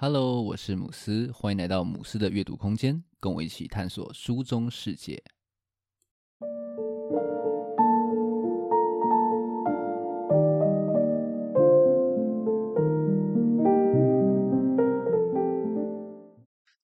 哈嘍，我是姆斯，歡迎來到姆斯的閱讀空間，跟我一起探索書中世界。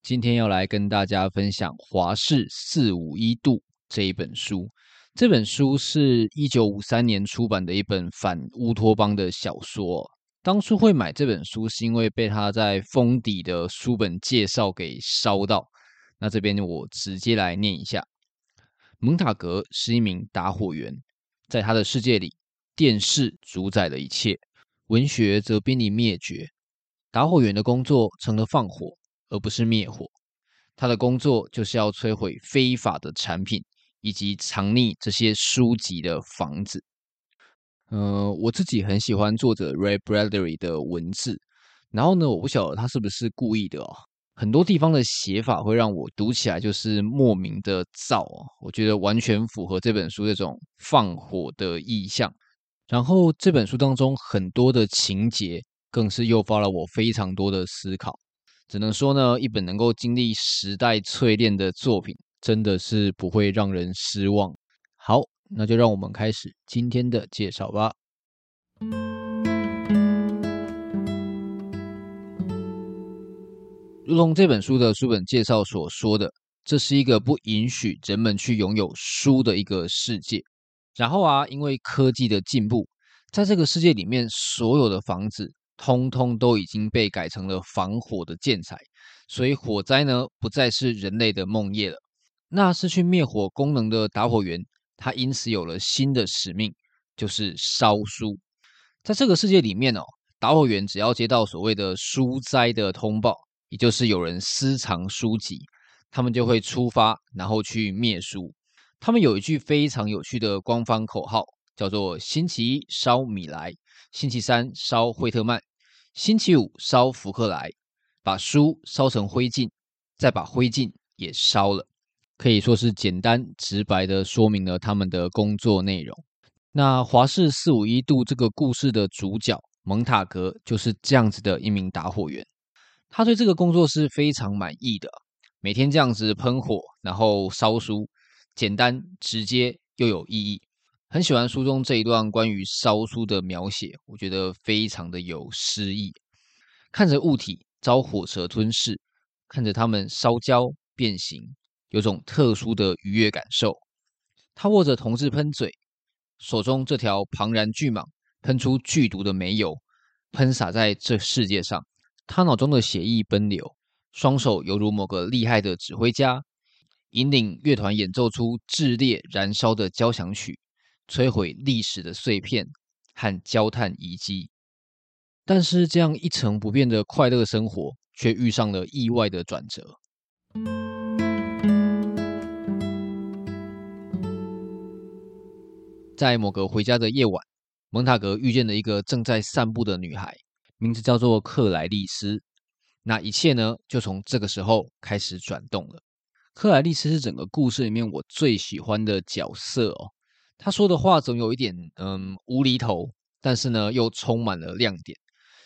今天要來跟大家分享《華氏451度》這一本書。這本書是一九五三年出版的一本反烏托邦的小說。當初會買這本書，是因為被他在封底的書本介紹給燒到。那這邊我直接來念一下：蒙塔格是一名打火員，在他的世界裡，電視主宰了一切，文學則瀕臨滅絕。打火員的工作成了放火，而不是滅火。他的工作就是要摧毀非法的產品，以及藏匿這些書籍的房子。嗯、呃，我自己很喜歡作者 Ray Bradbury 的文字，然後呢，我不曉得他是不是故意的哦，很多地方的寫法會讓我讀起來就是莫名的燥哦，我覺得完全符合這本書這種放火的意象。然後這本書當中很多的情節更是誘發了我非常多的思考，只能說呢，一本能夠經歷時代淬煉的作品，真的是不會讓人失望。好。那就讓我們開始今天的介紹吧。如同這本書的書本介紹所說的，這是一個不允許人們去擁有書的一個世界。然後啊，因為科技的進步，在這個世界裡面，所有的房子通通都已經被改成了防火的建材，所以火災呢，不再是人類的夢魘了。那失去滅火功能的打火員。他因此有了新的使命，就是燒書。在這個世界裡面哦，打火員只要接到所謂的書災的通報，也就是有人私藏書籍，他們就會出發，然後去滅書。他們有一句非常有趣的官方口號，叫做“星期一燒米萊，星期三燒惠特曼，星期五燒福克萊”，把書燒成灰燼，再把灰燼也燒了。可以說是簡單直白地說明了他們的工作內容。那《華氏四五一度》這個故事的主角蒙塔格就是這樣子的一名打火員，他對這個工作是非常滿意的。每天這樣子噴火，然後燒書，簡單直接又有意義。很喜歡書中這一段關於燒書的描寫，我覺得非常的有詩意。看着物體遭火舌吞噬，看着它們燒焦變形。有種特殊的愉悅感受。他握着銅製噴嘴，手中這條龐然巨蟒噴出劇毒的煤油，噴灑在這世界上。他腦中的血液奔流，雙手猶如某個厲害的指揮家，引領樂團演奏出熾烈燃燒的交響曲，摧毀歷史的碎片和焦炭遺迹。但是，這樣一成不變的快樂生活卻遇上了意外的轉折。在某個回家的夜晚，蒙塔格遇見了一個正在散步的女孩，名字叫做克萊麗斯。那一切呢，就從這個時候開始轉動了。克萊麗斯是整個故事裡面我最喜歡的角色哦。她說的話總有一點嗯無厘頭，但是呢又充滿了亮點。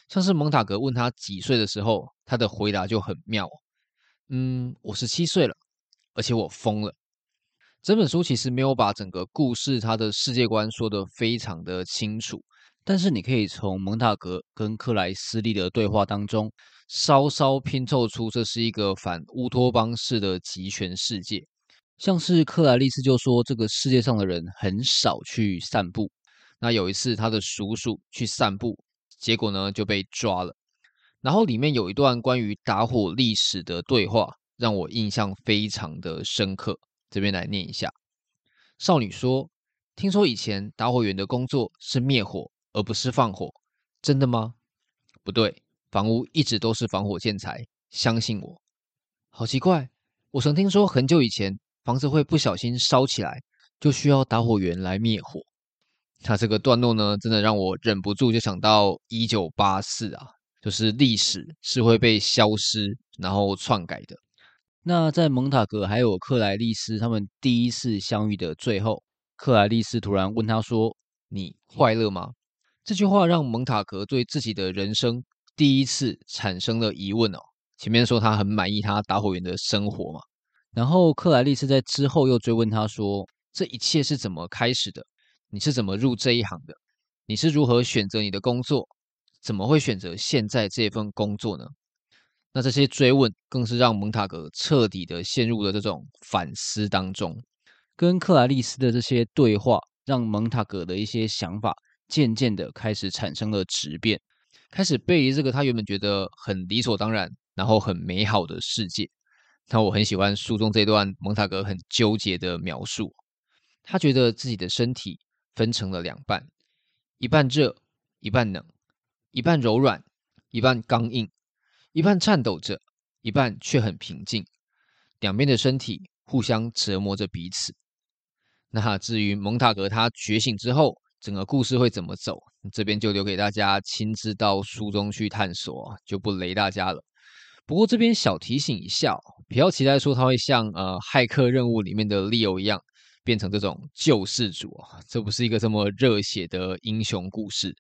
像是蒙塔格問她幾歲的時候，她的回答就很妙哦，嗯，我十七歲了，而且我瘋了。這本書其實沒有把整個故事它的世界觀說得非常的清楚，但是你可以從蒙塔格跟克萊斯利的對話當中稍稍拼湊出這是一個反烏托邦式的極權世界。像是克萊利斯就說這個世界上的人很少去散步，那有一次他的叔叔去散步，結果呢就被抓了。然後裡面有一段關於打火歷史的對話，讓我印象非常的深刻。這邊來念一下，少女說：“聽說以前打火員的工作是滅火，而不是放火，真的嗎？”“不對，房屋一直都是防火建材，相信我。”“好奇怪，我曾聽說很久以前房子會不小心燒起來，就需要打火員來滅火。”他這個段落呢，真的讓我忍不住就想到一九八四啊，就是歷史是會被消失，然後篡改的。那在蒙塔格還有克萊利斯他們第一次相遇的最後，克萊利斯突然問他說：“你快樂嗎？”這句話讓蒙塔格對自己的人生第一次產生了疑問哦。前面說他很滿意他打火員的生活嘛，然後克萊利斯在之後又追問他說：“這一切是怎麼開始的？你是怎麼入這一行的？你是如何選擇你的工作？怎麼會選擇現在這份工作呢？”那這些追問更是讓蒙塔格徹底的陷入了這種反思當中，跟克萊利斯的這些對話讓蒙塔格的一些想法漸漸的開始產生了質變，開始背離這個他原本覺得很理所當然，然後很美好的世界。那我很喜歡書中這段蒙塔格很糾結的描述，他覺得自己的身體分成了兩半，一半熱，一半冷，一半柔軟，一半剛硬。一半顫抖着，一半卻很平靜，兩邊的身體互相折磨着彼此。那至於蒙塔格他覺醒之後，整個故事會怎麼走？這邊就留給大家親自到書中去探索，就不雷大家了。不過這邊小提醒一下，不要期待說他會像呃《駭客任務》裡面的利歐一樣，變成這種救世主，這不是一個這麼熱血的英雄故事。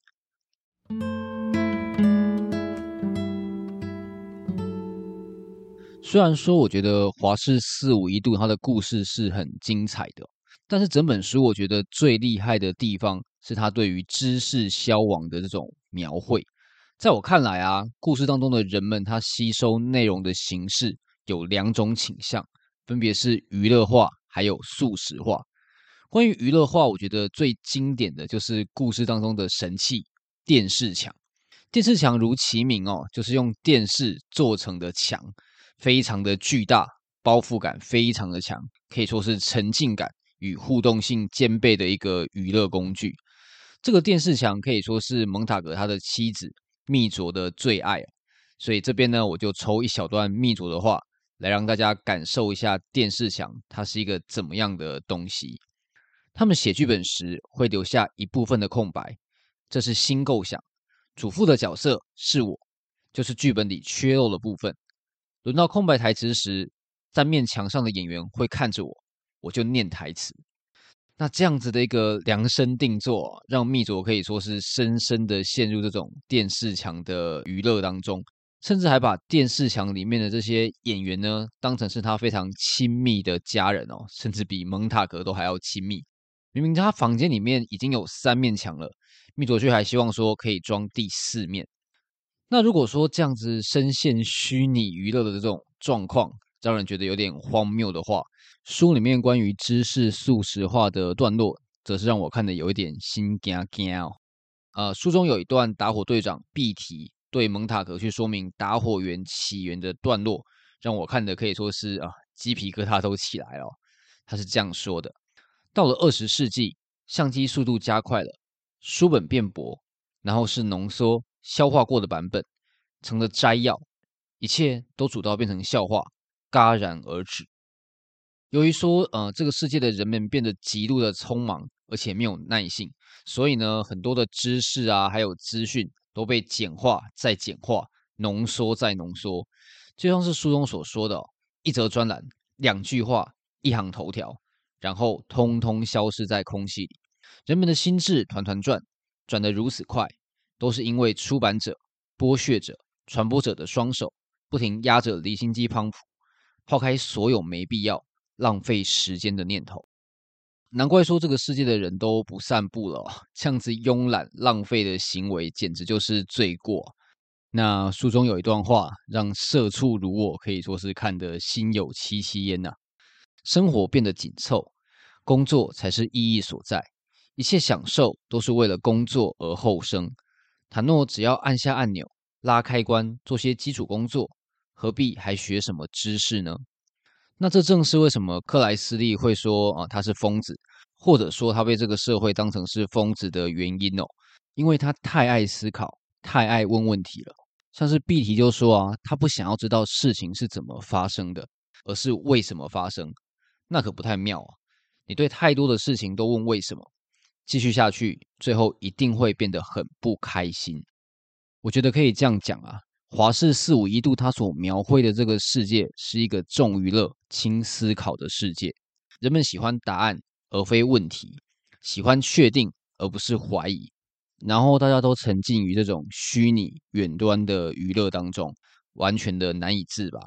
雖然說，我覺得《華氏四五一度》它的故事是很精彩的，但是整本書我覺得最厲害的地方是它對於知識消亡的這種描繪。在我看來啊，故事當中的人們他吸收內容的形式有兩種傾向，分別是娛樂化還有速食化。關於娛樂化，我覺得最經典的就是故事當中的神器——電視牆。電視牆如其名哦，就是用電視做成的牆。非常的巨大，包覆感非常的強，可以說是沉浸感與互動性兼備的一個娛樂工具。這個電視牆可以說是蒙塔格他的妻子秘卓的最愛，所以這邊呢，我就抽一小段秘卓的話來讓大家感受一下電視牆它是一個怎麼樣的東西。他們寫劇本時會留下一部分的空白，這是新構想。主婦的角色是我，就是劇本裡缺漏的部分。輪到空白台詞時，三面牆上的演員會看着我，我就念台詞。那這樣子的一個量身定做，讓密卓可以說是深深地陷入這種電視牆的娛樂當中，甚至還把電視牆裡面的這些演員呢，當成是他非常親密的家人哦，甚至比蒙塔格都還要親密。明明他房間裡面已經有三面牆了，密卓卻還希望說可以裝第四面。那如果說這樣子深陷虛擬娛樂的這種狀況，讓人覺得有點荒謬的話，書裡面關於知識速食化的段落，則是讓我看的有一點心驚驚哦、呃。書中有一段打火隊長畢提對蒙塔格去說明打火員起源的段落，讓我看的可以說是啊，雞皮疙瘩都起來了。他是這樣說的：到了二十世紀，相機速度加快了，書本變薄，然後是濃縮。消化過的版本成了摘要，一切都主導變成笑話，戛然而止。由於說，呃，這個世界的人們變得極度的匆忙，而且沒有耐性，所以呢，很多的知識啊，還有資訊都被簡化再簡化，濃縮再濃縮，就像是書中所說的：一則專欄，兩句話，一行頭條，然後通通消失在空氣裡。人們的心智團團轉，轉得如此快。都是因為出版者、剝削者、傳播者的雙手不停壓着離心機，pump，拋開所有沒必要浪費時間的念頭。難怪說這個世界的人都不散步了，這樣子慵懶浪費的行為簡直就是罪過。那書中有一段話，讓社畜如我可以說是看得心有戚戚焉吶、啊。生活變得緊湊，工作才是意義所在，一切享受都是為了工作而後生。塔諾只要按下按鈕、拉開關、做些基礎工作，何必還學什麼知識呢？那這正是為什麼克萊斯利會說啊，他是瘋子，或者說他被這個社會當成是瘋子的原因哦，因為他太愛思考、太愛問問題了。像是畢提就說啊，他不想要知道事情是怎麼發生的，而是為什麼發生。那可不太妙啊，你對太多的事情都問為什麼。繼續下去，最後，一定會變得很不開心。我覺得可以這樣講啊，《華氏四五一度》它所描繪的這個世界是一個重娛樂、輕思考的世界。人們喜歡答案而非問題，喜歡確定而不是懷疑。然後大家都沉浸於這種虛擬遠端的娛樂當中，完全的難以自拔。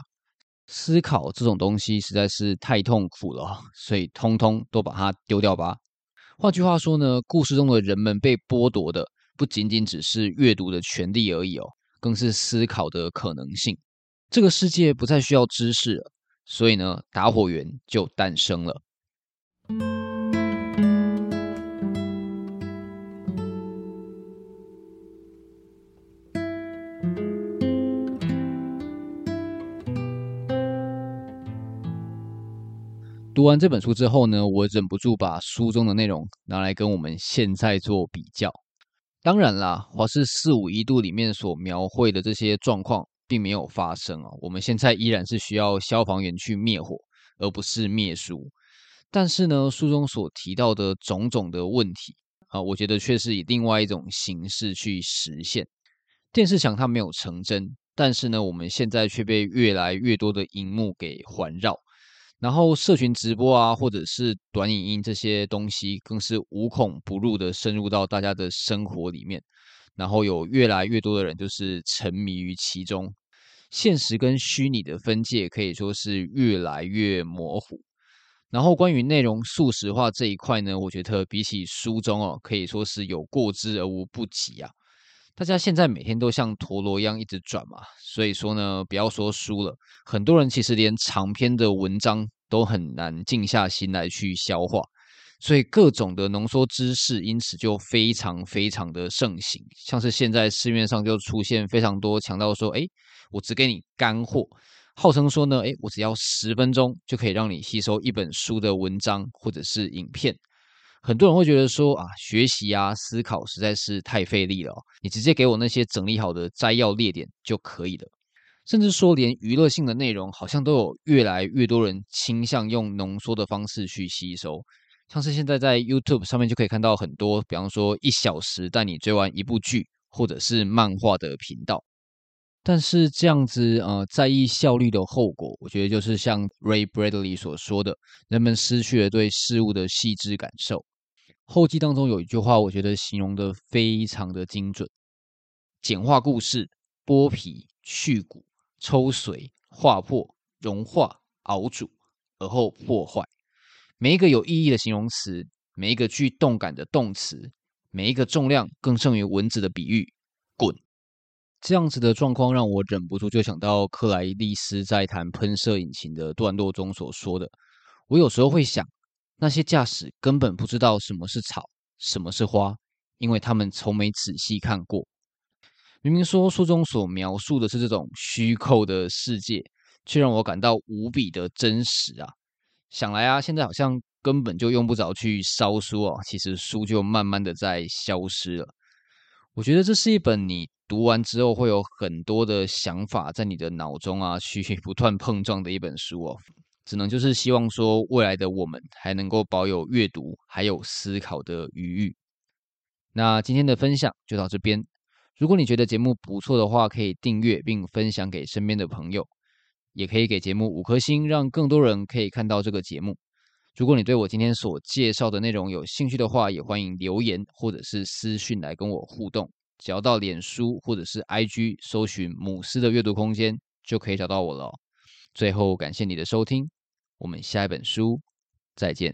思考這種東西實在是太痛苦了，所以通通都把它丟掉吧。換句話說呢，故事中的人們被剝奪的不僅僅只是閱讀的權利而已哦，更是思考的可能性。這個世界不再需要知識了，所以呢，打火員就誕生了。讀完這本書之後呢，我忍不住把書中的內容拿來跟我們現在做比較。當然啦，《華氏四五一度》裡面所描繪的這些狀況並沒有發生啊，我們現在依然是需要消防員去滅火，而不是滅書。但是呢，書中所提到的種種的問題啊，我覺得卻是以另外一種形式去實現。電視牆它沒有成真，但是呢，我們現在卻被越來越多的熒幕給環繞。然後社群直播啊，或者是短影音這些東西，更是無孔不入的深入到大家的生活裡面。然後有越來越多的人就是沉迷於其中，現實跟虛擬的分界可以說是越來越模糊。然後關於內容速食化這一塊呢，我覺得比起書中哦、啊，可以說是有過之而無不及啊。大家現在每天都像陀螺一樣一直轉嘛，所以說呢，不要說書了，很多人其實連長篇的文章都很難靜下心來去消化，所以各種的濃縮知識因此就非常非常的盛行。像是現在市面上就出現非常多強調說，哎、欸，我只給你乾貨，號稱說呢，哎、欸，我只要十分鐘就可以讓你吸收一本書的文章或者是影片。很多人會覺得說，啊，學習啊，思考實在是太費力了、哦，你直接給我那些整理好的摘要列點就可以了。甚至說，連娛樂性的內容，好像都有越來越多人傾向用濃縮的方式去吸收。像是現在在 YouTube 上面就可以看到很多，比方說一小時帶你追完一部劇或者是漫畫的頻道。但是這樣子，呃，在意效率的後果，我覺得就是像 Ray Bradbury 所說的，人們失去了對事物的細緻感受。後記當中有一句話，我覺得形容的非常的精準：簡化故事，剝皮去骨。抽水、劃破、融化、熬煮，而後破壞。每一個有意義的形容詞，每一個具動感的動詞，每一個重量更勝於文字的比喻，滾。這樣子的狀況讓我忍不住就想到克萊利斯在談噴射引擎的段落中所說的：“我有時候會想，那些駕駛根本不知道什麼是草，什麼是花，因為他們從沒仔細看過。”明明說書中所描述的是這種虛構的世界，卻讓我感到無比的真實啊！想來啊，現在好像根本就用不着去燒書哦，其實書就慢慢的在消失了。我覺得這是一本你讀完之後會有很多的想法在你的腦中啊，去不斷碰撞的一本書哦。只能就是希望說未來的我們還能夠保有閱讀還有思考的餘裕。那今天的分享就到這邊。如果你覺得節目不錯的話，可以訂閱並分享給身邊的朋友，也可以給節目五顆星，讓更多人可以看到這個節目。如果你對我今天所介紹的內容有興趣的話，也歡迎留言或者是私訊來跟我互動。只要到臉書或者是 IG 搜尋“姆斯的閱讀空間”就可以找到我了。最後，感謝你的收聽，我們下一本書再見。